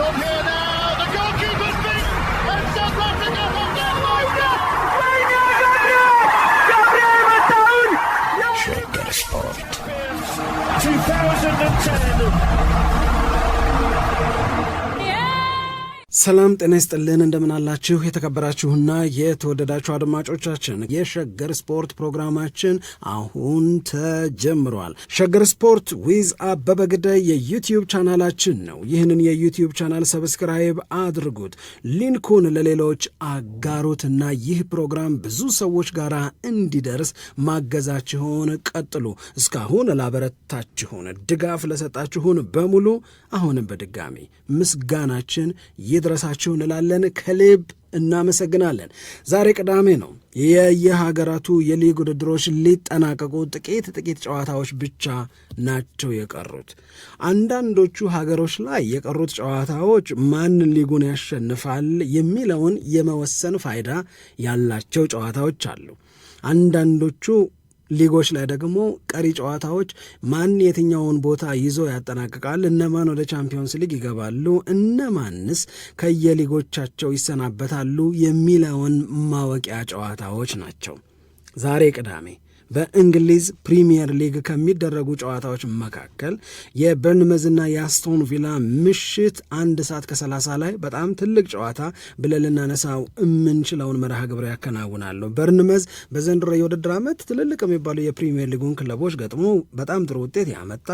Don't hit! ሰላም ጤና ይስጥልን፣ እንደምናላችሁ የተከበራችሁና የተወደዳችሁ አድማጮቻችን የሸገር ስፖርት ፕሮግራማችን አሁን ተጀምሯል። ሸገር ስፖርት ዊዝ አበበ ግዳይ የዩትዩብ ቻናላችን ነው። ይህንን የዩትዩብ ቻናል ሰብስክራይብ አድርጉት፣ ሊንኩን ለሌሎች አጋሩትና ይህ ፕሮግራም ብዙ ሰዎች ጋር እንዲደርስ ማገዛችሁን ቀጥሉ። እስካሁን ላበረታችሁን ድጋፍ ለሰጣችሁን በሙሉ አሁንም በድጋሚ ምስጋናችን ይድረ ይድረሳችሁ እንላለን። ከልብ እናመሰግናለን። ዛሬ ቅዳሜ ነው። የየሀገራቱ የሊግ ውድድሮች ሊጠናቀቁ ጥቂት ጥቂት ጨዋታዎች ብቻ ናቸው የቀሩት። አንዳንዶቹ ሀገሮች ላይ የቀሩት ጨዋታዎች ማን ሊጉን ያሸንፋል የሚለውን የመወሰን ፋይዳ ያላቸው ጨዋታዎች አሉ። አንዳንዶቹ ሊጎች ላይ ደግሞ ቀሪ ጨዋታዎች ማን የትኛውን ቦታ ይዞ ያጠናቅቃል፣ እነማን ወደ ቻምፒዮንስ ሊግ ይገባሉ፣ እነማንስ ከየሊጎቻቸው ይሰናበታሉ የሚለውን ማወቂያ ጨዋታዎች ናቸው። ዛሬ ቅዳሜ በእንግሊዝ ፕሪሚየር ሊግ ከሚደረጉ ጨዋታዎች መካከል የበርንመዝና የአስቶን ቪላ ምሽት አንድ ሰዓት ከሰላሳ ላይ በጣም ትልቅ ጨዋታ ብለን ልናነሳው የምንችለውን መርሃ ግብር ያከናውናሉ። በርንመዝ በዘንድሮ የውድድር ዓመት ትልልቅ የሚባሉ የፕሪሚየር ሊጉን ክለቦች ገጥሞ በጣም ጥሩ ውጤት ያመጣ፣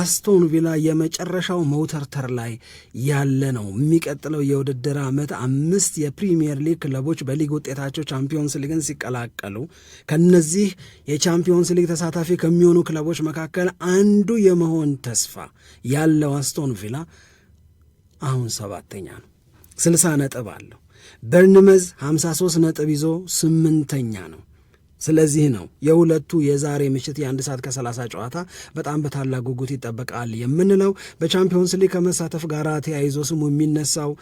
አስቶን ቪላ የመጨረሻው መውተርተር ላይ ያለ ነው። የሚቀጥለው የውድድር ዓመት አምስት የፕሪሚየር ሊግ ክለቦች በሊግ ውጤታቸው ቻምፒዮንስ ሊግን ሲቀላቀሉ ከነዚህ የቻምፒዮንስ ሊግ ተሳታፊ ከሚሆኑ ክለቦች መካከል አንዱ የመሆን ተስፋ ያለው አስቶን ቪላ አሁን ሰባተኛ ነው፣ 60 ነጥብ አለው። በርንመዝ 53 ነጥብ ይዞ ስምንተኛ ነው። ስለዚህ ነው የሁለቱ የዛሬ ምሽት የአንድ ሰዓት ከሰላሳ ጨዋታ በጣም በታላቅ ጉጉት ይጠበቃል የምንለው። በቻምፒዮንስ ሊግ ከመሳተፍ ጋር ተያይዞ ስሙ የሚነሳው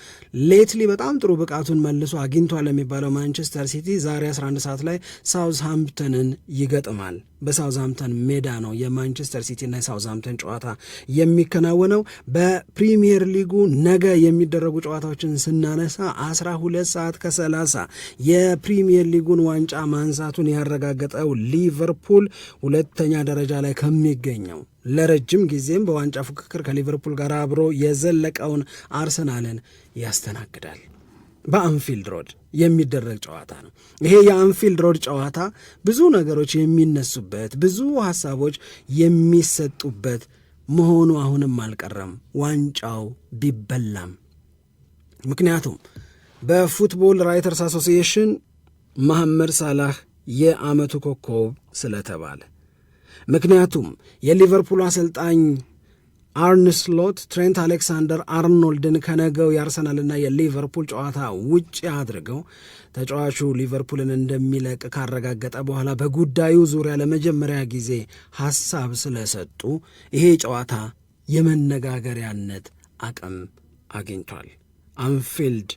ሌትሊ በጣም ጥሩ ብቃቱን መልሶ አግኝቷል የሚባለው ማንቸስተር ሲቲ ዛሬ 11 ሰዓት ላይ ሳውዝ ሃምፕተንን ይገጥማል። በሳውዝሃምተን ሜዳ ነው የማንቸስተር ሲቲና የሳውዝሃምተን ጨዋታ የሚከናወነው። በፕሪሚየር ሊጉ ነገ የሚደረጉ ጨዋታዎችን ስናነሳ አስራ ሁለት ሰዓት ከሰላሳ የፕሪሚየር ሊጉን ዋንጫ ማንሳቱን ያረጋገጠው ሊቨርፑል ሁለተኛ ደረጃ ላይ ከሚገኘው ለረጅም ጊዜም በዋንጫ ፉክክር ከሊቨርፑል ጋር አብሮ የዘለቀውን አርሰናልን ያስተናግዳል በአንፊልድ ሮድ የሚደረግ ጨዋታ ነው። ይሄ የአንፊልድ ሮድ ጨዋታ ብዙ ነገሮች የሚነሱበት፣ ብዙ ሀሳቦች የሚሰጡበት መሆኑ አሁንም አልቀረም፣ ዋንጫው ቢበላም። ምክንያቱም በፉትቦል ራይተርስ አሶሲዬሽን መሐመድ ሳላህ የአመቱ ኮከብ ስለተባለ ምክንያቱም የሊቨርፑል አሰልጣኝ አርንስሎት ትሬንት አሌክሳንደር አርኖልድን ከነገው የአርሰናልና የሊቨርፑል ጨዋታ ውጭ አድርገው ተጫዋቹ ሊቨርፑልን እንደሚለቅ ካረጋገጠ በኋላ በጉዳዩ ዙሪያ ለመጀመሪያ ጊዜ ሀሳብ ስለሰጡ ይሄ ጨዋታ የመነጋገሪያነት አቅም አግኝቷል። አንፊልድ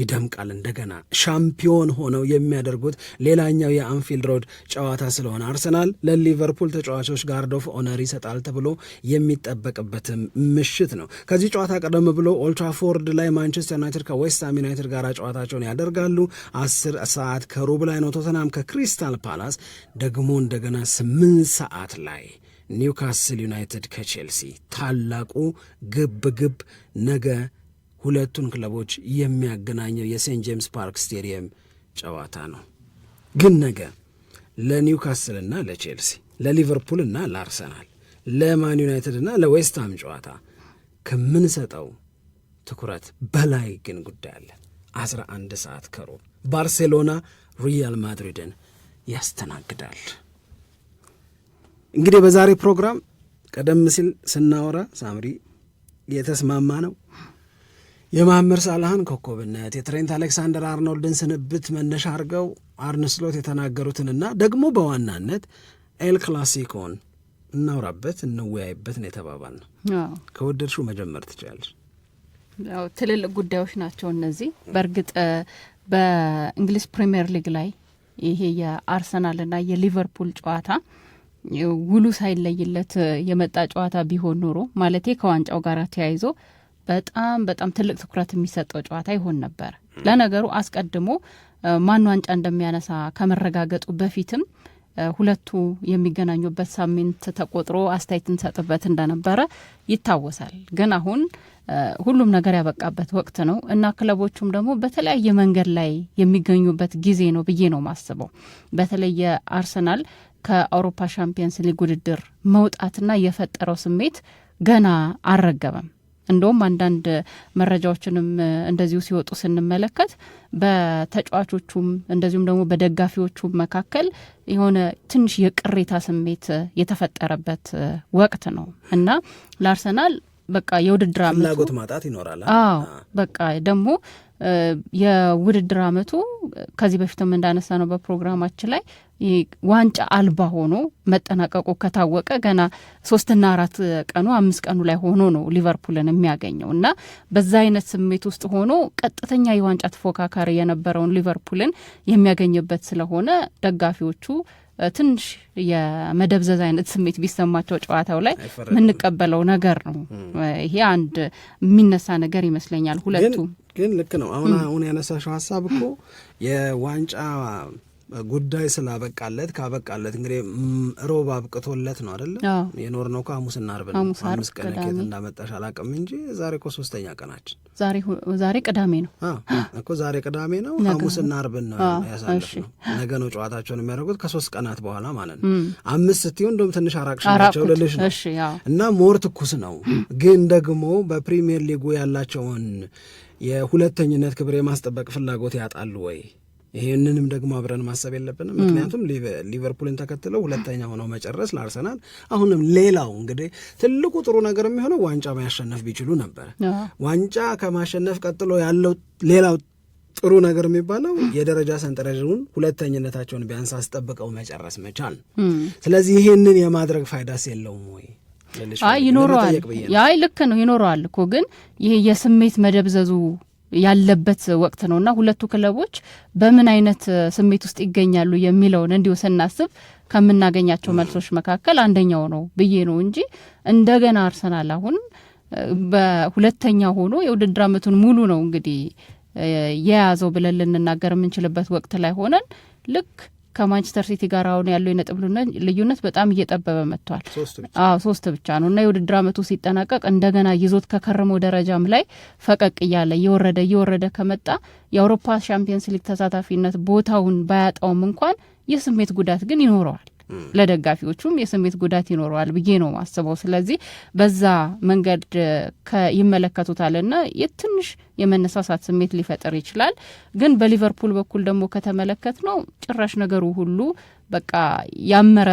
ይደምቃል። እንደገና ሻምፒዮን ሆነው የሚያደርጉት ሌላኛው የአንፊልድ ሮድ ጨዋታ ስለሆነ አርሰናል ለሊቨርፑል ተጫዋቾች ጋርድ ኦፍ ኦነር ይሰጣል ተብሎ የሚጠበቅበትም ምሽት ነው። ከዚህ ጨዋታ ቀደም ብሎ ኦልትራፎርድ ላይ ማንቸስተር ዩናይትድ ከዌስትሃም ዩናይትድ ጋር ጨዋታቸውን ያደርጋሉ። አስር ሰዓት ከሩብ ላይ ነው። ቶተናም ከክሪስታል ፓላስ ደግሞ እንደገና ስምንት ሰዓት ላይ ኒውካስል ዩናይትድ ከቼልሲ ታላቁ ግብ ግብ ነገ ሁለቱን ክለቦች የሚያገናኘው የሴንት ጄምስ ፓርክ ስቴዲየም ጨዋታ ነው። ግን ነገ ለኒውካስልና ለቼልሲ፣ ለሊቨርፑልና ለአርሰናል፣ ለማን ዩናይትድና ለዌስትሃም ጨዋታ ከምንሰጠው ትኩረት በላይ ግን ጉዳይ አለ። 11 ሰዓት ከሩብ ባርሴሎና ሪያል ማድሪድን ያስተናግዳል። እንግዲህ በዛሬ ፕሮግራም ቀደም ሲል ስናወራ ሳምሪ የተስማማ ነው የማህመድ ሳላህን ኮከብነት የትሬንት አሌክሳንደር አርኖልድን ስንብት መነሻ አድርገው አርንስሎት የተናገሩትንና ደግሞ በዋናነት ኤል ክላሲኮን እናውራበት እንወያይበት ነው የተባባል ነው። ከወደድሽው መጀመር ትችላለሽ። ትልልቅ ጉዳዮች ናቸው እነዚህ። በእርግጥ በእንግሊዝ ፕሪምየር ሊግ ላይ ይሄ የአርሰናልና የሊቨርፑል ጨዋታ ውሉ ሳይለይለት የመጣ ጨዋታ ቢሆን ኖሮ ማለቴ ከዋንጫው ጋር ተያይዞ በጣም በጣም ትልቅ ትኩረት የሚሰጠው ጨዋታ ይሆን ነበር። ለነገሩ አስቀድሞ ማን ዋንጫ እንደሚያነሳ ከመረጋገጡ በፊትም ሁለቱ የሚገናኙበት ሳምንት ተቆጥሮ አስተያየት እንሰጥበት እንደነበረ ይታወሳል። ግን አሁን ሁሉም ነገር ያበቃበት ወቅት ነው እና ክለቦቹም ደግሞ በተለያየ መንገድ ላይ የሚገኙበት ጊዜ ነው ብዬ ነው ማስበው። በተለይ የአርሰናል ከአውሮፓ ሻምፒየንስ ሊግ ውድድር መውጣትና የፈጠረው ስሜት ገና አልረገበም። እንደውም አንዳንድ መረጃዎችንም እንደዚሁ ሲወጡ ስንመለከት በተጫዋቾቹም እንደዚሁም ደግሞ በደጋፊዎቹም መካከል የሆነ ትንሽ የቅሬታ ስሜት የተፈጠረበት ወቅት ነው እና ለአርሰናል በቃ የውድድር አመቱ ፍላጎት ማጣት ይኖራል። አዎ በቃ ደግሞ የውድድር አመቱ ከዚህ በፊትም እንዳነሳ ነው በፕሮግራማችን ላይ ዋንጫ አልባ ሆኖ መጠናቀቁ ከታወቀ ገና ሶስትና አራት ቀኑ አምስት ቀኑ ላይ ሆኖ ነው ሊቨርፑልን የሚያገኘው እና በዛ አይነት ስሜት ውስጥ ሆኖ ቀጥተኛ የዋንጫ ተፎካካሪ የነበረውን ሊቨርፑልን የሚያገኝበት ስለሆነ ደጋፊዎቹ ትንሽ የመደብዘዝ አይነት ስሜት ቢሰማቸው ጨዋታው ላይ የምንቀበለው ነገር ነው። ይሄ አንድ የሚነሳ ነገር ይመስለኛል። ሁለቱ ግን ልክ ነው። አሁን አሁን ያነሳሽው ሀሳብ እኮ የዋንጫ ጉዳይ ስላበቃለት ካበቃለት እንግዲህ ሮብ አብቅቶለት ነው አይደለም የኖር ነው ከሐሙስና አርብ ነው። አምስት ቀን ኬት እንዳመጣሽ አላቅም እንጂ ዛሬ እኮ ሶስተኛ ቀናችን ዛሬ ቅዳሜ ነው እኮ ዛሬ ቅዳሜ ነው። ሐሙስና አርብን ነው ያሳለፍ ነው። ነገ ነው ጨዋታቸውን የሚያደርጉት ከሶስት ቀናት በኋላ ማለት ነው። አምስት ስትሆን እንደውም ትንሽ አራቅሽናቸው ልልሽ ነው እና ሞር ትኩስ ነው። ግን ደግሞ በፕሪሚየር ሊጉ ያላቸውን የሁለተኝነት ክብር የማስጠበቅ ፍላጎት ያጣሉ ወይ ይህንንም ደግሞ አብረን ማሰብ የለብንም። ምክንያቱም ሊቨርፑልን ተከትለው ሁለተኛ ሆነው መጨረስ ለአርሰናል አሁንም ሌላው እንግዲህ ትልቁ ጥሩ ነገር የሚሆነው ዋንጫ ማያሸነፍ ቢችሉ ነበር። ዋንጫ ከማሸነፍ ቀጥሎ ያለው ሌላው ጥሩ ነገር የሚባለው የደረጃ ሰንጠረዥን ሁለተኝነታቸውን ቢያንስ አስጠብቀው መጨረስ መቻል። ስለዚህ ይህንን የማድረግ ፋይዳስ የለውም ወይ? አይ ይኖረዋል። አይ ልክ ነው ይኖረዋል እኮ ግን ይሄ የስሜት መደብዘዙ ያለበት ወቅት እና ሁለቱ ክለቦች በምን አይነት ስሜት ውስጥ ይገኛሉ የሚለውን እንዲሁ ስናስብ ከምናገኛቸው መልሶች መካከል አንደኛው ነው ብዬ ነው እንጂ እንደገና አርሰናል አሁን በሁለተኛ ሆኖ የውድድር አመቱን ሙሉ ነው እንግዲህ የያዘው ብለን ልንናገር የምንችልበት ወቅት ላይ ሆነን ልክ ከማንቸስተር ሲቲ ጋር አሁን ያለው የነጥብ ልዩነት በጣም እየጠበበ መጥቷል። ሶስት ብቻ ነው እና የውድድር አመቱ ሲጠናቀቅ እንደገና ይዞት ከከረመው ደረጃም ላይ ፈቀቅ እያለ እየወረደ እየወረደ ከመጣ የአውሮፓ ሻምፒየንስ ሊግ ተሳታፊነት ቦታውን ባያጣውም እንኳን የስሜት ጉዳት ግን ይኖረዋል። ለደጋፊዎቹም የስሜት ጉዳት ይኖረዋል ብዬ ነው ማስበው። ስለዚህ በዛ መንገድ ይመለከቱታል እና የትንሽ የመነሳሳት ስሜት ሊፈጥር ይችላል። ግን በሊቨርፑል በኩል ደግሞ ከተመለከት ነው ጭራሽ ነገሩ ሁሉ በቃ ያመረ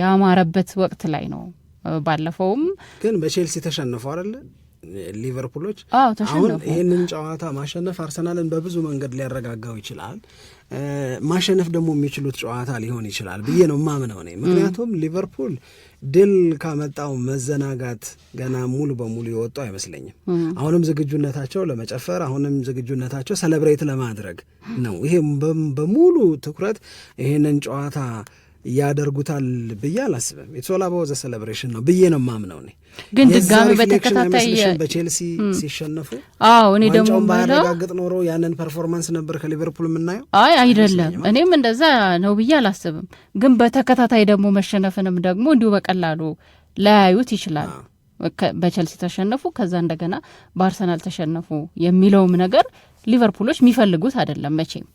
ያማረበት ወቅት ላይ ነው። ባለፈውም ግን በቼልሲ ተሸንፎ አለ ሊቨርፑሎች አሁን ይህንን ጨዋታ ማሸነፍ አርሰናልን በብዙ መንገድ ሊያረጋጋው ይችላል። ማሸነፍ ደግሞ የሚችሉት ጨዋታ ሊሆን ይችላል ብዬ ነው ማምነው እኔ። ምክንያቱም ሊቨርፑል ድል ካመጣው መዘናጋት ገና ሙሉ በሙሉ የወጡ አይመስለኝም። አሁንም ዝግጁነታቸው ለመጨፈር፣ አሁንም ዝግጁነታቸው ሰለብሬት ለማድረግ ነው። ይሄ በሙሉ ትኩረት ይህንን ጨዋታ ያደርጉታል ብዬ አላስብም። የተሶላባው ዘ ሴሌብሬሽን ነው ብዬ ነው ማምነው። እኔ ግን ድጋሚ በተከታታይ በቼልሲ ሲሸነፉ አዎ፣ እኔ ደግሞ ባያረጋግጥ ኖሮ ያንን ፐርፎርማንስ ነበር ከሊቨርፑል የምናየው። አይ አይደለም፣ እኔም እንደዛ ነው ብዬ አላስብም። ግን በተከታታይ ደግሞ መሸነፍንም ደግሞ እንዲሁ በቀላሉ ላያዩት ይችላል። በቼልሲ ተሸነፉ፣ ከዛ እንደገና በአርሰናል ተሸነፉ የሚለውም ነገር ሊቨርፑሎች የሚፈልጉት አይደለም መቼም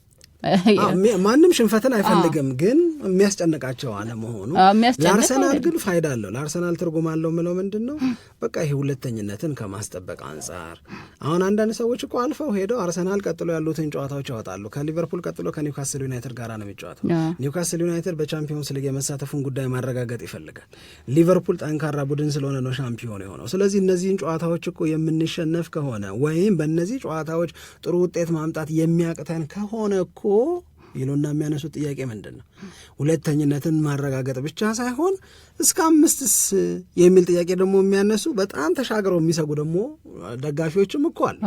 ማንም ሽንፈትን አይፈልግም፣ ግን የሚያስጨንቃቸው አለመሆኑ ለአርሰናል ግን ፋይዳ አለው። ለአርሰናል ትርጉም አለው ምለው ምንድን ነው? በቃ ይሄ ሁለተኝነትን ከማስጠበቅ አንጻር አሁን አንዳንድ ሰዎች እኮ አልፈው ሄደው አርሰናል ቀጥሎ ያሉትን ጨዋታዎች ያወጣሉ። ከሊቨርፑል ቀጥሎ ከኒውካስል ዩናይትድ ጋር ነው የሚጫወተው። ኒውካስል ዩናይትድ በቻምፒዮንስ ሊግ የመሳተፉን ጉዳይ ማረጋገጥ ይፈልጋል። ሊቨርፑል ጠንካራ ቡድን ስለሆነ ነው ሻምፒዮን የሆነው። ስለዚህ እነዚህን ጨዋታዎች እኮ የምንሸነፍ ከሆነ ወይም በእነዚህ ጨዋታዎች ጥሩ ውጤት ማምጣት የሚያቅተን ከሆነ እኮ ይሉና የሚያነሱ ጥያቄ ምንድን ነው? ሁለተኝነትን ማረጋገጥ ብቻ ሳይሆን እስከ አምስትስ የሚል ጥያቄ ደግሞ የሚያነሱ በጣም ተሻግረው የሚሰጉ ደግሞ ደጋፊዎችም እኮ አሉ።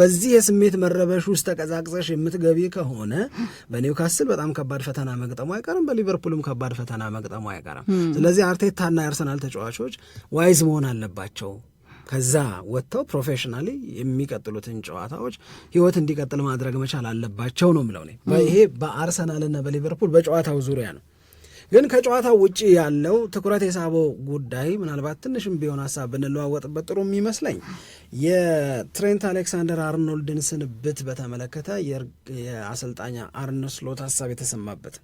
በዚህ የስሜት መረበሽ ውስጥ ተቀዛቅዘሽ የምትገቢ ከሆነ በኒውካስል በጣም ከባድ ፈተና መግጠሙ አይቀርም፣ በሊቨርፑልም ከባድ ፈተና መግጠሙ አይቀርም። ስለዚህ አርቴታና የአርሰናል ተጫዋቾች ዋይዝ መሆን አለባቸው። ከዛ ወጥተው ፕሮፌሽናሊ የሚቀጥሉትን ጨዋታዎች ህይወት እንዲቀጥል ማድረግ መቻል አለባቸው ነው ምለው። ይሄ በአርሰናልና በሊቨርፑል በጨዋታው ዙሪያ ነው። ግን ከጨዋታው ውጭ ያለው ትኩረት የሳበው ጉዳይ ምናልባት ትንሽም ቢሆን ሀሳብ ብንለዋወጥበት ጥሩ የሚመስለኝ የትሬንት አሌክሳንደር አርኖልድን ስንብት በተመለከተ የአሰልጣኝ አርነ ስሎት ሀሳብ የተሰማበት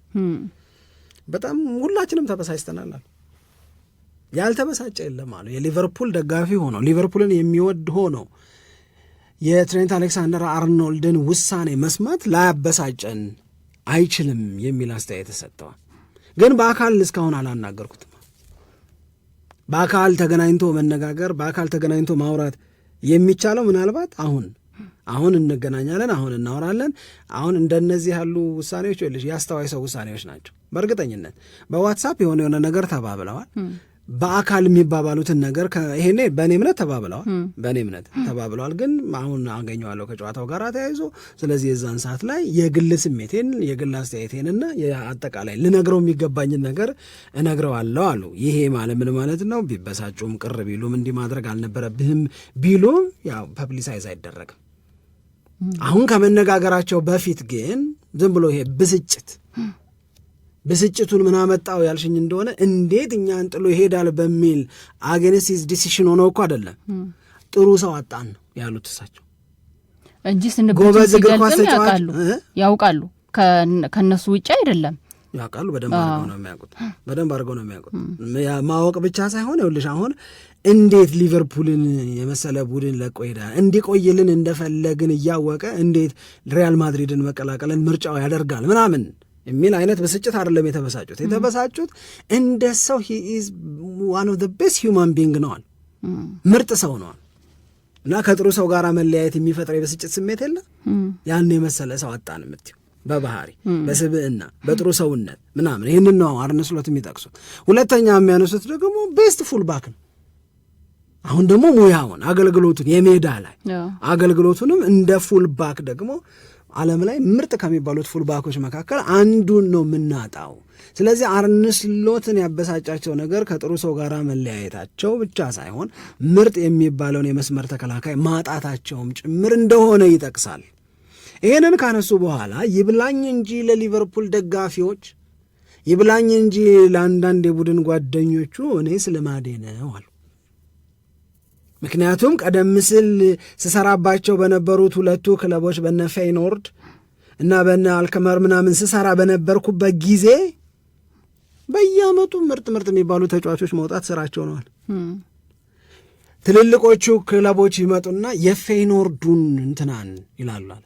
በጣም ሁላችንም ተበሳጭተናል። ያልተበሳጨ የለም አሉ። የሊቨርፑል ደጋፊ ሆኖ ሊቨርፑልን የሚወድ ሆኖ የትሬንት አሌክሳንደር አርኖልድን ውሳኔ መስማት ላያበሳጨን አይችልም የሚል አስተያየት ተሰጥተዋል። ግን በአካል እስካሁን አላናገርኩትም። በአካል ተገናኝቶ መነጋገር፣ በአካል ተገናኝቶ ማውራት የሚቻለው ምናልባት አሁን አሁን እንገናኛለን፣ አሁን እናወራለን፣ አሁን እንደነዚህ ያሉ ውሳኔዎች ልሽ የአስተዋይ ሰው ውሳኔዎች ናቸው። በእርግጠኝነት በዋትሳፕ የሆነ የሆነ ነገር ተባብለዋል በአካል የሚባባሉትን ነገር ይሄኔ በእኔ እምነት ተባብለዋል፣ በእኔ እምነት ተባብለዋል። ግን አሁን አገኘዋለሁ ከጨዋታው ጋር ተያይዞ ስለዚህ የዛን ሰዓት ላይ የግል ስሜቴን የግል አስተያየቴንና አጠቃላይ ልነግረው የሚገባኝን ነገር እነግረዋለሁ አሉ። ይሄ ማለት ምን ማለት ነው? ቢበሳጩም ቅር ቢሉም እንዲህ ማድረግ አልነበረብህም ቢሉም ያው ፐብሊሳይዝ አይደረግም። አሁን ከመነጋገራቸው በፊት ግን ዝም ብሎ ይሄ ብስጭት ብስጭቱን ምን አመጣው ያልሽኝ እንደሆነ እንዴት እኛን ጥሎ ይሄዳል በሚል አገንስት ሂዝ ዲሲሽን ሆነው እኮ አይደለም። ጥሩ ሰው አጣን ነው ያሉት እሳቸው እንጂ ስንጎበዝ እግር ኳስ ያውቃሉ። ከእነሱ ውጭ አይደለም ያውቃሉ። በደንብ አድርገው ነው የሚያውቁት። በደንብ አድርገው ነው የሚያውቁት። ማወቅ ብቻ ሳይሆን ይኸውልሽ አሁን እንዴት ሊቨርፑልን የመሰለ ቡድን ለቆ ሄዳ እንዲቆይልን እንደፈለግን እያወቀ እንዴት ሪያል ማድሪድን መቀላቀልን ምርጫው ያደርጋል ምናምን የሚል አይነት ብስጭት አይደለም የተበሳጩት። የተበሳጩት እንደ ሰው ሂ ኢዝ ዋን ኦፍ ዘ ቤስት ሂውማን ቢንግ ነዋል፣ ምርጥ ሰው ነዋል እና ከጥሩ ሰው ጋር መለያየት የሚፈጥረው የብስጭት ስሜት የለ ያን የመሰለ ሰው አጣን የምትይው በባህሪ በስብዕና በጥሩ ሰውነት ምናምን ይህንን ነው አርነ ስሎት የሚጠቅሱት። ሁለተኛ የሚያነሱት ደግሞ ቤስት ፉልባክ ነው። አሁን ደግሞ ሙያውን አገልግሎቱን የሜዳ ላይ አገልግሎቱንም እንደ ፉልባክ ደግሞ ዓለም ላይ ምርጥ ከሚባሉት ፉልባኮች መካከል አንዱን ነው የምናጣው። ስለዚህ አርንስሎትን ያበሳጫቸው ነገር ከጥሩ ሰው ጋር መለያየታቸው ብቻ ሳይሆን ምርጥ የሚባለውን የመስመር ተከላካይ ማጣታቸውም ጭምር እንደሆነ ይጠቅሳል። ይህንን ካነሱ በኋላ ይብላኝ እንጂ ለሊቨርፑል ደጋፊዎች፣ ይብላኝ እንጂ ለአንዳንድ የቡድን ጓደኞቹ እኔ ስልማዴ ነው አሉ። ምክንያቱም ቀደም ሲል ስሰራባቸው በነበሩት ሁለቱ ክለቦች በነ ፌይኖርድ እና በነ አልከመር ምናምን ስሰራ በነበርኩበት ጊዜ በየአመቱ ምርጥ ምርጥ የሚባሉ ተጫዋቾች መውጣት ስራቸው ነዋል። ትልልቆቹ ክለቦች ይመጡና የፌይኖርዱን እንትናን ይላሉ አለ።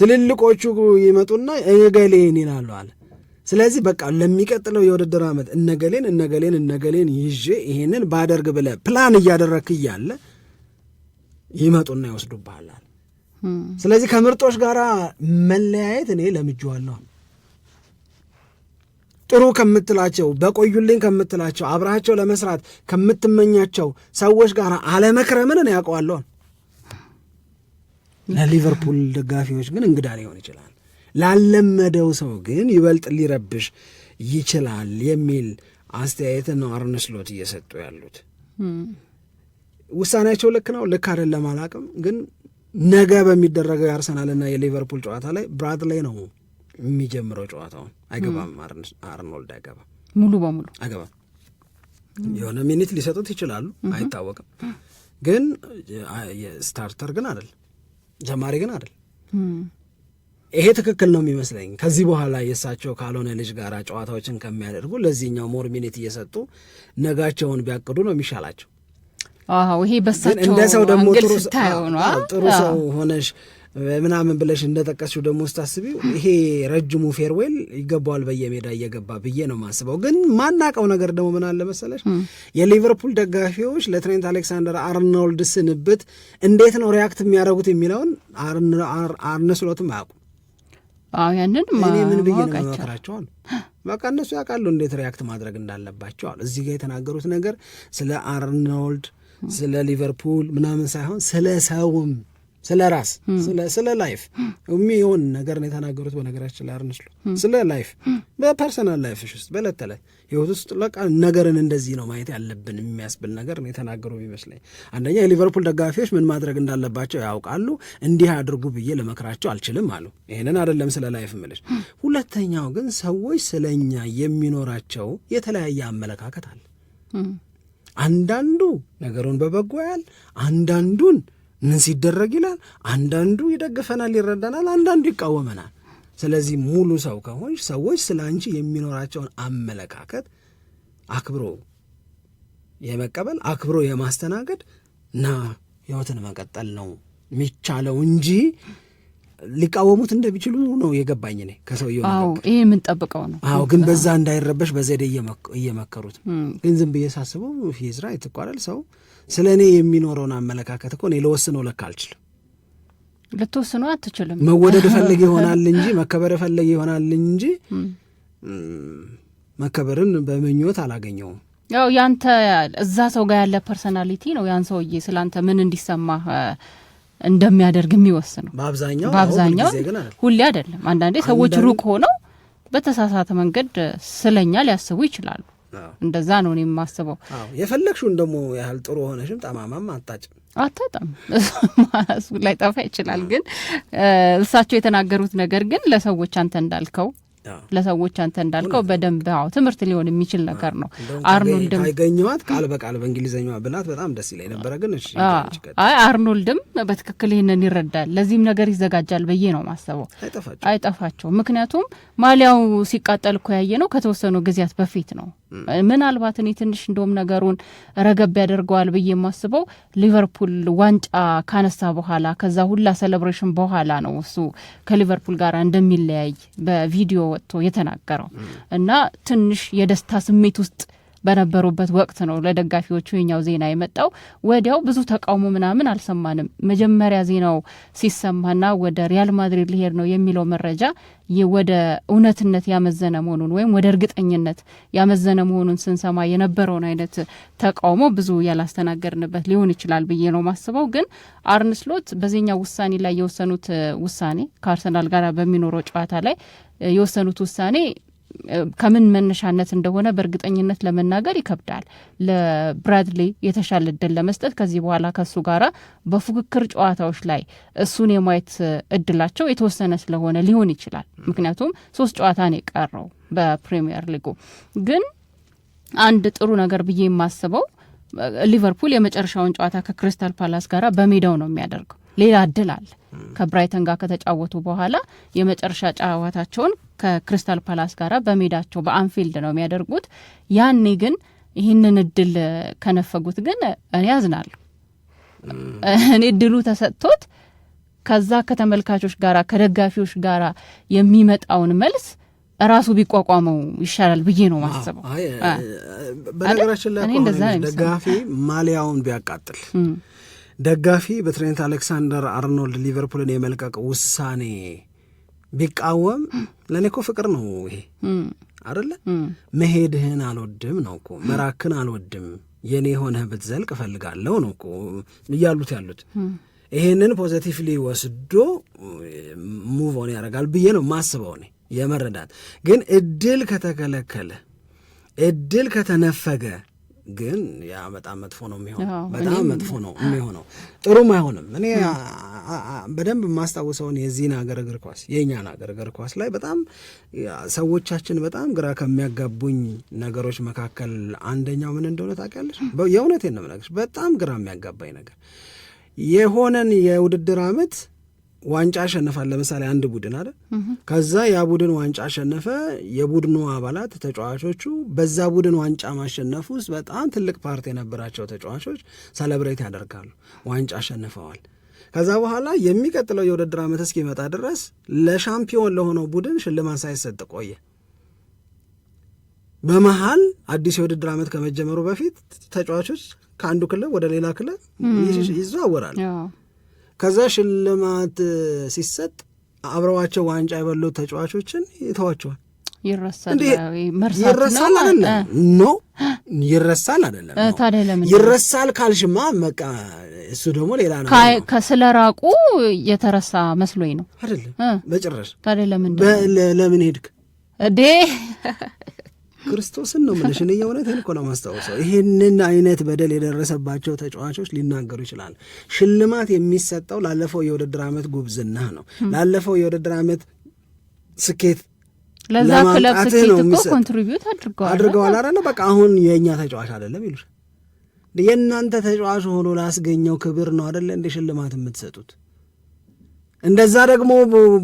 ትልልቆቹ ይመጡና እገሌን ይላሉ አለ። ስለዚህ በቃ ለሚቀጥለው የውድድር ዓመት እነገሌን እነገሌን እነገሌን ይዤ ይሄንን ባደርግ ብለ ፕላን እያደረግ እያለ ይመጡና ይወስዱብሃል። ስለዚህ ከምርጦች ጋር መለያየት እኔ ለምጄዋለሁ። ጥሩ ከምትላቸው በቆዩልኝ ከምትላቸው አብረሃቸው ለመስራት ከምትመኛቸው ሰዎች ጋር አለመክረምን እኔ ያውቀዋለሁ። ለሊቨርፑል ደጋፊዎች ግን እንግዳ ሊሆን ይችላል። ላለመደው ሰው ግን ይበልጥ ሊረብሽ ይችላል የሚል አስተያየት ነው አርነ ስሎት እየሰጡ ያሉት። ውሳኔያቸው ልክ ነው ልክ አይደለም አላቅም ግን ነገ በሚደረገው የአርሰናልና የሊቨርፑል ጨዋታ ላይ ብራድሌይ ነው የሚጀምረው ጨዋታውን። አይገባም፣ አርኖልድ አይገባም፣ ሙሉ በሙሉ አይገባም። የሆነ ሚኒት ሊሰጡት ይችላሉ፣ አይታወቅም። ግን ስታርተር ግን አይደል፣ ጀማሪ ግን አይደል ይሄ ትክክል ነው የሚመስለኝ። ከዚህ በኋላ የእሳቸው ካልሆነ ልጅ ጋር ጨዋታዎችን ከሚያደርጉ ለዚህኛው ሞር ሚኒት እየሰጡ ነጋቸውን ቢያቅዱ ነው የሚሻላቸው። ይሄ በሳቸው እንደ ሰው ደግሞ ጥሩ ሰው ሆነሽ ምናምን ብለሽ እንደጠቀስሽው ደግሞ ስታስቢው ይሄ ረጅሙ ፌርዌል ይገባዋል በየሜዳ እየገባ ብዬ ነው የማስበው። ግን ማናቀው ነገር ደግሞ ምን አለ መሰለሽ የሊቨርፑል ደጋፊዎች ለትሬንት አሌክሳንደር አርኖልድ ስንብት እንዴት ነው ሪያክት የሚያደርጉት የሚለውን አርነስሎትም አያውቁ ያንን እኔ ምን ብዬ ነው መመክራቸዋል? በቃ እነሱ ያውቃሉ እንዴት ሪያክት ማድረግ አሉ። እዚህ ጋር የተናገሩት ነገር ስለ አርኖልድ ስለ ሊቨርፑል ምናምን ሳይሆን ስለ ሰውም ስለ ራስ ስለ ላይፍ የሚሆን ነገር ነው የተናገሩት። በነገራችን ላይ አርንችሉ ስለ ላይፍ በፐርሰናል ላይፍ ውስጥ በዕለት ተዕለት ህይወት ውስጥ በቃ ነገርን እንደዚህ ነው ማየት ያለብን የሚያስብል ነገር ነው የተናገሩ ይመስለኝ። አንደኛ የሊቨርፑል ደጋፊዎች ምን ማድረግ እንዳለባቸው ያውቃሉ። እንዲህ አድርጉ ብዬ ልመክራቸው አልችልም አሉ። ይህንን አይደለም ስለ ላይፍ ምልሽ። ሁለተኛው ግን ሰዎች ስለኛ የሚኖራቸው የተለያየ አመለካከት አለ። አንዳንዱ ነገሩን በበጎ ያል አንዳንዱን ምን ሲደረግ ይላል። አንዳንዱ ይደግፈናል፣ ይረዳናል፣ አንዳንዱ ይቃወመናል። ስለዚህ ሙሉ ሰው ከሆንሽ ሰዎች ስለ አንቺ የሚኖራቸውን አመለካከት አክብሮ የመቀበል አክብሮ የማስተናገድ እና ህይወትን መቀጠል ነው የሚቻለው እንጂ ሊቃወሙት እንደሚችሉ ነው የገባኝ እኔ ከሰውየው ይሄ የምንጠብቀው ነው። አዎ ግን በዛ እንዳይረበሽ በዘዴ እየመከሩት ግን ዝም ብዬ ሳስበው ፊዝራ ራይት ሰው ስለ እኔ የሚኖረውን አመለካከት እኮ እኔ ለወስነው ለካ አልችልም። ልትወስኑ አትችልም። መወደድ እፈልግ ይሆናል እንጂ መከበር እፈልግ ይሆናል እንጂ መከበርን በምኞት አላገኘውም። ያው ያንተ እዛ ሰው ጋር ያለ ፐርሰናሊቲ ነው ያን ሰውዬ ስለአንተ ምን እንዲሰማ እንደሚያደርግ የሚወስነው። በአብዛኛው በአብዛኛው ሁሌ አይደለም። አንዳንዴ ሰዎች ሩቅ ሆነው በተሳሳተ መንገድ ስለኛ ሊያስቡ ይችላሉ። እንደዛ ነው እኔ የማስበው። የፈለግሽውን ደግሞ ያህል ጥሩ ሆነሽም ጠማማም አታጭም አታጣም ማሱ ላይ ጠፋ ይችላል። ግን እሳቸው የተናገሩት ነገር ግን ለሰዎች አንተ እንዳልከው ለሰዎች አንተ እንዳልከው በደንብ ው ትምህርት ሊሆን የሚችል ነገር ነው። አርኖልድም ይገኘዋት ቃል በቃል በእንግሊዝኛዋ ብላት በጣም ደስ ይለኝ ነበረ። ግን አይ አርኖልድም በትክክል ይህንን ይረዳል፣ ለዚህም ነገር ይዘጋጃል ብዬ ነው ማሰበው። አይጠፋቸው አይጠፋቸው ምክንያቱም ማሊያው ሲቃጠል እኮ ያየ ነው ከተወሰኑ ጊዜያት በፊት ነው ምናልባት እኔ ትንሽ እንደውም ነገሩን ረገብ ያደርገዋል ብዬ የማስበው ሊቨርፑል ዋንጫ ካነሳ በኋላ ከዛ ሁላ ሴሌብሬሽን በኋላ ነው እሱ ከሊቨርፑል ጋር እንደሚለያይ በቪዲዮ ወጥቶ የተናገረው እና ትንሽ የደስታ ስሜት ውስጥ በነበሩበት ወቅት ነው ለደጋፊዎቹ የኛው ዜና የመጣው። ወዲያው ብዙ ተቃውሞ ምናምን አልሰማንም። መጀመሪያ ዜናው ሲሰማና ወደ ሪያል ማድሪድ ሊሄድ ነው የሚለው መረጃ ወደ እውነትነት ያመዘነ መሆኑን ወይም ወደ እርግጠኝነት ያመዘነ መሆኑን ስንሰማ የነበረውን አይነት ተቃውሞ ብዙ ያላስተናገድንበት ሊሆን ይችላል ብዬ ነው ማስበው። ግን አርነ ስሎት በዚህኛው ውሳኔ ላይ የወሰኑት ውሳኔ ከአርሰናል ጋር በሚኖረው ጨዋታ ላይ የወሰኑት ውሳኔ ከምን መነሻነት እንደሆነ በእርግጠኝነት ለመናገር ይከብዳል። ለብራድሌ የተሻለ እድል ለመስጠት ከዚህ በኋላ ከሱ ጋራ በፉክክር ጨዋታዎች ላይ እሱን የማየት እድላቸው የተወሰነ ስለሆነ ሊሆን ይችላል። ምክንያቱም ሶስት ጨዋታ ነው የቀረው በፕሪሚየር ሊጉ። ግን አንድ ጥሩ ነገር ብዬ የማስበው ሊቨርፑል የመጨረሻውን ጨዋታ ከክሪስታል ፓላስ ጋራ በሜዳው ነው የሚያደርገው። ሌላ እድል አለ። ከብራይተን ጋር ከተጫወቱ በኋላ የመጨረሻ ጨዋታቸውን ከክሪስታል ፓላስ ጋር በሜዳቸው በአንፊልድ ነው የሚያደርጉት። ያኔ ግን ይህንን እድል ከነፈጉት ግን እኔ አዝናል። እኔ እድሉ ተሰጥቶት ከዛ ከተመልካቾች ጋራ ከደጋፊዎች ጋራ የሚመጣውን መልስ ራሱ ቢቋቋመው ይሻላል ብዬ ነው ማስበው። በነገራችን ላይ ደጋፊ ማሊያውን ቢያቃጥል ደጋፊ በትሬንት አሌክሳንደር አርኖልድ ሊቨርፑልን የመልቀቅ ውሳኔ ቢቃወም ለእኔ እኮ ፍቅር ነው ይሄ አደለ? መሄድህን አልወድም ነው እኮ መራክን አልወድም የኔ የሆነህ ብትዘልቅ እፈልጋለሁ ነው እኮ እያሉት ያሉት። ይሄንን ፖዘቲቭሊ ወስዶ ሙቭ ኦን ያደርጋል ብዬ ነው ማስበው እኔ የመረዳት ግን እድል ከተከለከለ እድል ከተነፈገ ግን ያ በጣም መጥፎ ነው የሚሆነው፣ በጣም መጥፎ ነው የሚሆነው፣ ጥሩም አይሆንም። እኔ በደንብ የማስታውሰውን የዚህን ሀገር እግር ኳስ የእኛን ሀገር እግር ኳስ ላይ በጣም ሰዎቻችን በጣም ግራ ከሚያጋቡኝ ነገሮች መካከል አንደኛው ምን እንደሆነ ታውቂያለሽ? የእውነቴን ነው የምነግርሽ፣ በጣም ግራ የሚያጋባኝ ነገር የሆነን የውድድር አመት ዋንጫ አሸነፋል። ለምሳሌ አንድ ቡድን አለ። ከዛ ያ ቡድን ዋንጫ አሸነፈ። የቡድኑ አባላት ተጫዋቾቹ፣ በዛ ቡድን ዋንጫ ማሸነፍ ውስጥ በጣም ትልቅ ፓርት የነበራቸው ተጫዋቾች ሰለብሬት ያደርጋሉ። ዋንጫ አሸንፈዋል። ከዛ በኋላ የሚቀጥለው የውድድር ዓመት እስኪመጣ ድረስ ለሻምፒዮን ለሆነው ቡድን ሽልማት ሳይሰጥ ቆየ። በመሀል አዲስ የውድድር ዓመት ከመጀመሩ በፊት ተጫዋቾች ከአንዱ ክለብ ወደ ሌላ ክለብ ይዘዋወራሉ። ከዛ ሽልማት ሲሰጥ አብረዋቸው ዋንጫ የበሉት ተጫዋቾችን ይተዋቸዋል። ይረሳል አይደለም? ኖ ይረሳል አይደለም? ታዲያ ለምን ይረሳል ካልሽማ፣ በቃ እሱ ደግሞ ሌላ ነው። ከስለ ራቁ የተረሳ መስሎኝ ነው። አይደለም፣ በጭራሽ። ታዲያ ለምን ለምን ሄድክ እዴ? ክርስቶስን ነው የምልሽ። እኔ የእውነቴን እኮ ነው ማስታውሰው። ይህንን አይነት በደል የደረሰባቸው ተጫዋቾች ሊናገሩ ይችላል። ሽልማት የሚሰጠው ላለፈው የውድድር ዓመት ጉብዝና ነው፣ ላለፈው የውድድር ዓመት ስኬት ለዛ ክለብ ስኬት እኮ ኮንትሪቢዩት አድርገዋል አድርገዋል አለ በቃ አሁን የእኛ ተጫዋች አይደለም ይሉሻል። የእናንተ ተጫዋች ሆኖ ላስገኘው ክብር ነው አይደለ? እንደ ሽልማት የምትሰጡት እንደዛ ደግሞ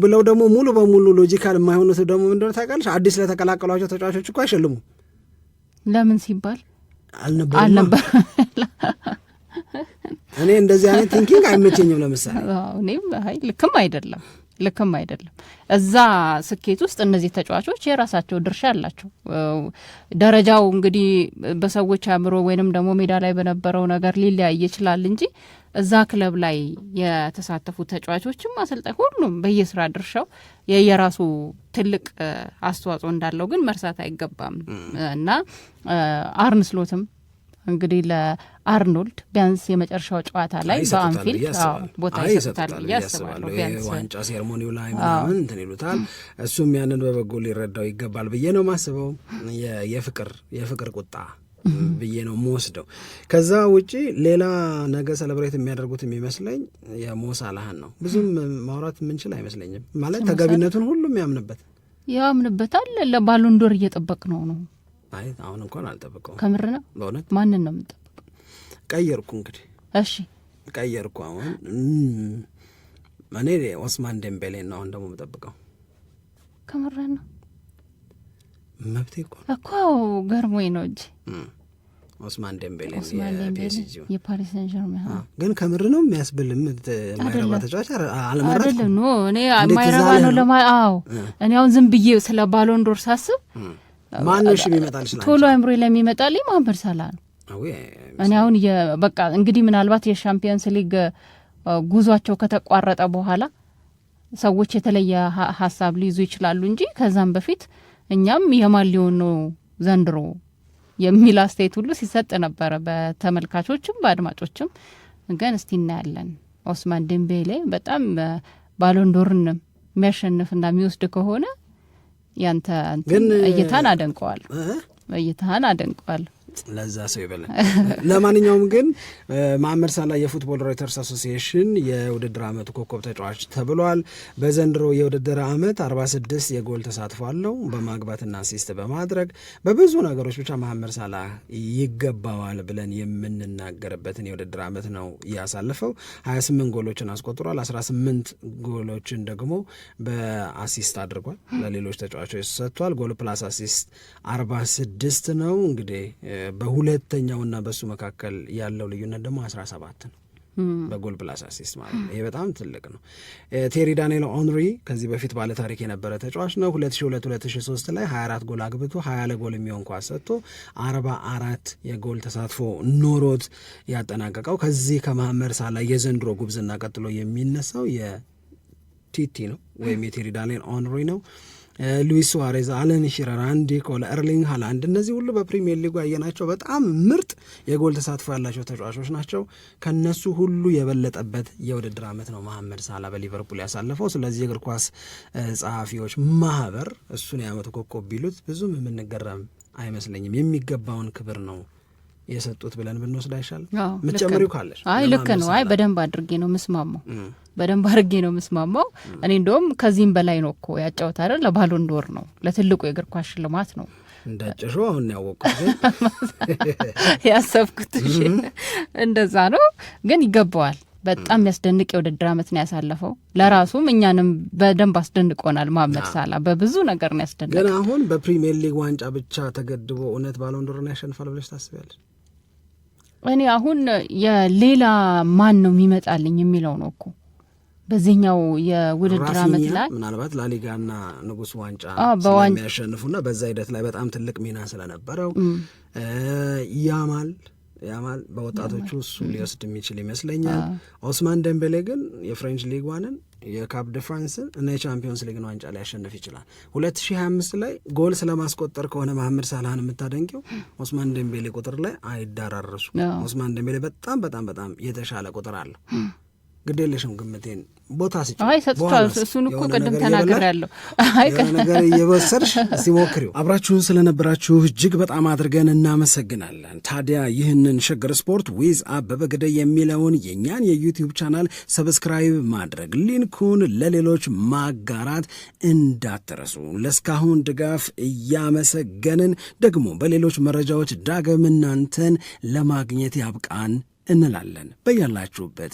ብለው ደግሞ ሙሉ በሙሉ ሎጂካል የማይሆኑት ደግሞ ምንድነው ታውቃለች? አዲስ ለተቀላቀሏቸው ተጫዋቾች እኮ አይሸልሙም። ለምን ሲባል አልነበር እኔ እንደዚህ አይነት ቲንኪንግ አይመቸኝም። ለምሳሌ እኔም ልክም አይደለም። ልክም አይደለም። እዛ ስኬት ውስጥ እነዚህ ተጫዋቾች የራሳቸው ድርሻ አላቸው። ደረጃው እንግዲህ በሰዎች አእምሮ ወይንም ደግሞ ሜዳ ላይ በነበረው ነገር ሊለያይ ይችላል እንጂ እዛ ክለብ ላይ የተሳተፉ ተጫዋቾችም አሰልጣኝ፣ ሁሉም በየስራ ድርሻው የየራሱ ትልቅ አስተዋጽኦ እንዳለው ግን መርሳት አይገባም እና አርንስሎትም እንግዲህ ለአርኖልድ ቢያንስ የመጨረሻው ጨዋታ ላይ በአንፊልድ ቦታ ይሰጡታል ብዬ አስባለሁ። ዋንጫ ሴርሞኒው ላይ ምናምን እንትን ይሉታል። እሱም ያንን በበጎ ሊረዳው ይገባል ብዬ ነው ማስበው። የፍቅር የፍቅር ቁጣ ብዬ ነው መወስደው። ከዛ ውጪ ሌላ ነገ ሰለብሬት የሚያደርጉት የሚመስለኝ የሞሳ ላህን ነው። ብዙም ማውራት የምንችል አይመስለኝም። ማለት ተገቢነቱን ሁሉም ያምንበት ያምንበታል። ለባሎንዶር እየጠበቅ ነው ነው አይ አሁን እንኳን አልጠብቀውም። ከምር ነው በእውነት። ማንን ነው የምንጠብቀው? ቀየርኩ እንግዲህ። እሺ ቀየርኩ። አሁን እኔ ኦስማን ደምቤሌ ነው አሁን ደግሞ የምጠብቀው። ከምር ነው መብቴ እኮ እኮ ገርሞኝ ነው እንጂ ኦስማን ደምቤሌ የፓሪስ ሰን ጀርሜ ግን ከምር ነው የሚያስብል የማይረባ ተጫዋች አልመረጥኩም። ኖ እኔ ማይረባ ነው ለማ አዎ እኔ አሁን ዝም ብዬ ስለ ባሎንዶር ሳስብ ማንሽ ይመጣል ቶሎ አእምሮ ላይ የሚመጣልኝ መሀመድ ሳላ ነው። እኔ አሁን በቃ እንግዲህ ምናልባት የሻምፒየንስ ሊግ ጉዟቸው ከተቋረጠ በኋላ ሰዎች የተለየ ሀሳብ ሊይዙ ይችላሉ እንጂ ከዛም በፊት እኛም የማን ሊሆን ነው ዘንድሮ የሚል አስተያየት ሁሉ ሲሰጥ ነበረ በተመልካቾችም በአድማጮችም። ግን እስቲ እናያለን። ኦስማን ዴምቤሌ በጣም ባሎንዶርን የሚያሸንፍና የሚወስድ ከሆነ ያንተ እይታን አደንቀዋል። እይታን አደንቀዋል። ለዛ ሰው ይበለን። ለማንኛውም ግን መሐመድ ሳላ የፉትቦል ሮይተርስ አሶሲሽን የውድድር ዓመቱ ኮከብ ተጫዋች ተብሏል። በዘንድሮ የውድድር አመት 46 የጎል ተሳትፎ አለው። በማግባትና አሲስት በማድረግ በብዙ ነገሮች ብቻ መሐመድ ሳላ ይገባዋል ብለን የምንናገርበትን የውድድር ዓመት ነው ያሳለፈው። 28 ጎሎችን አስቆጥሯል። 18 ጎሎችን ደግሞ በአሲስት አድርጓል። ለሌሎች ተጫዋቾች ሰጥቷል። ጎል ፕላስ አሲስት 46 ነው እንግዲህ በሁለተኛውና በእሱ መካከል ያለው ልዩነት ደግሞ አስራ ሰባት ነው በጎል ፕላስ አሲስት ማለት ነው። ይህ በጣም ትልቅ ነው። ቴሪ ዳንኤል ኦንሪ ከዚህ በፊት ባለታሪክ የነበረ ተጫዋች ነው። 2002 2003 ላይ 24 ጎል አግብቶ 20 ለጎል የሚሆን ኳስ ሰጥቶ 44 የጎል ተሳትፎ ኖሮት ያጠናቀቀው ከዚህ ከመሐመድ ሳላህ የዘንድሮ ጉብዝና ቀጥሎ የሚነሳው የቲቲ ነው ወይም የቴሪ ዳንኤል ኦንሪ ነው። ሉዊስ ሱዋሬዝ፣ አለን ሽረር፣ አንዲ ኮል፣ ኤርሊንግ ሃላንድ እነዚህ ሁሉ በፕሪሚየር ሊጉ ያየናቸው በጣም ምርጥ የጎል ተሳትፎ ያላቸው ተጫዋቾች ናቸው። ከነሱ ሁሉ የበለጠበት የውድድር ዓመት ነው መሐመድ ሳላ በሊቨርፑል ያሳለፈው። ስለዚህ የእግር ኳስ ጸሐፊዎች ማህበር እሱን የዓመቱ ኮከብ ቢሉት ብዙም የምንገረም አይመስለኝም። የሚገባውን ክብር ነው የሰጡት ብለን ብንወስድ አይሻል? ምትጨምሪው ካለሽ። አይ ልክ ነው። አይ በደንብ አድርጌ ነው ምስማማው፣ በደንብ አድርጌ ነው ምስማማው። እኔ እንደውም ከዚህም በላይ ነው እኮ ያጫወት አይደል? ለባሎን ዶር ነው ለትልቁ የእግር ኳስ ሽልማት ነው እንዳጨሾ አሁን ያወቅኩት ያሰብኩት እንደዛ ነው፣ ግን ይገባዋል። በጣም የሚያስደንቅ የውድድር አመት ነው ያሳለፈው። ለራሱም እኛንም በደንብ አስደንቆናል። መሐመድ ሳላ በብዙ ነገር ነው ያስደንቅ። ግን አሁን በፕሪሚየር ሊግ ዋንጫ ብቻ ተገድቦ እውነት ባሎንዶርን ያሸንፋል ብለሽ ታስቢያለሽ? እኔ አሁን የሌላ ማን ነው የሚመጣልኝ የሚለው ነው እኮ በዚህኛው የውድድር አመት ላይ ምናልባት ላሊጋና ንጉስ ዋንጫ ስለሚያሸንፉና በዛ ሂደት ላይ በጣም ትልቅ ሚና ስለነበረው ያማል ያማል በወጣቶቹ እሱ ሊወስድ የሚችል ይመስለኛል። ኦስማን ደምቤሌ ግን የፍሬንች ሊግ ዋንን የካፕ ዲፈረንስን እና የቻምፒዮንስ ሊግን ዋንጫ ሊያሸንፍ ይችላል። 2025 ላይ ጎል ስለማስቆጠር ከሆነ መሐመድ ሳላህን የምታደንቂው ኦስማን ደምቤሌ ቁጥር ላይ አይዳራርሱ። ኦስማን ደምቤሌ በጣም በጣም በጣም የተሻለ ቁጥር አለው። ግዴለሽም ግምቴን ቦታ ስጭ። ሰጥቷል። እሱን እኮ ቅድም ተናግሬያለሁ። አይ ነገር እየወሰድሽ ሲሞክሪው። አብራችሁን ስለነበራችሁ እጅግ በጣም አድርገን እናመሰግናለን። ታዲያ ይህንን ሸገር ስፖርት ዊዝ አበበ ግደይ የሚለውን የእኛን የዩቲዩብ ቻናል ሰብስክራይብ ማድረግ ሊንኩን ለሌሎች ማጋራት እንዳትረሱ። ለእስካሁን ድጋፍ እያመሰገንን ደግሞ በሌሎች መረጃዎች ዳግም እናንተን ለማግኘት ያብቃን እንላለን። በያላችሁበት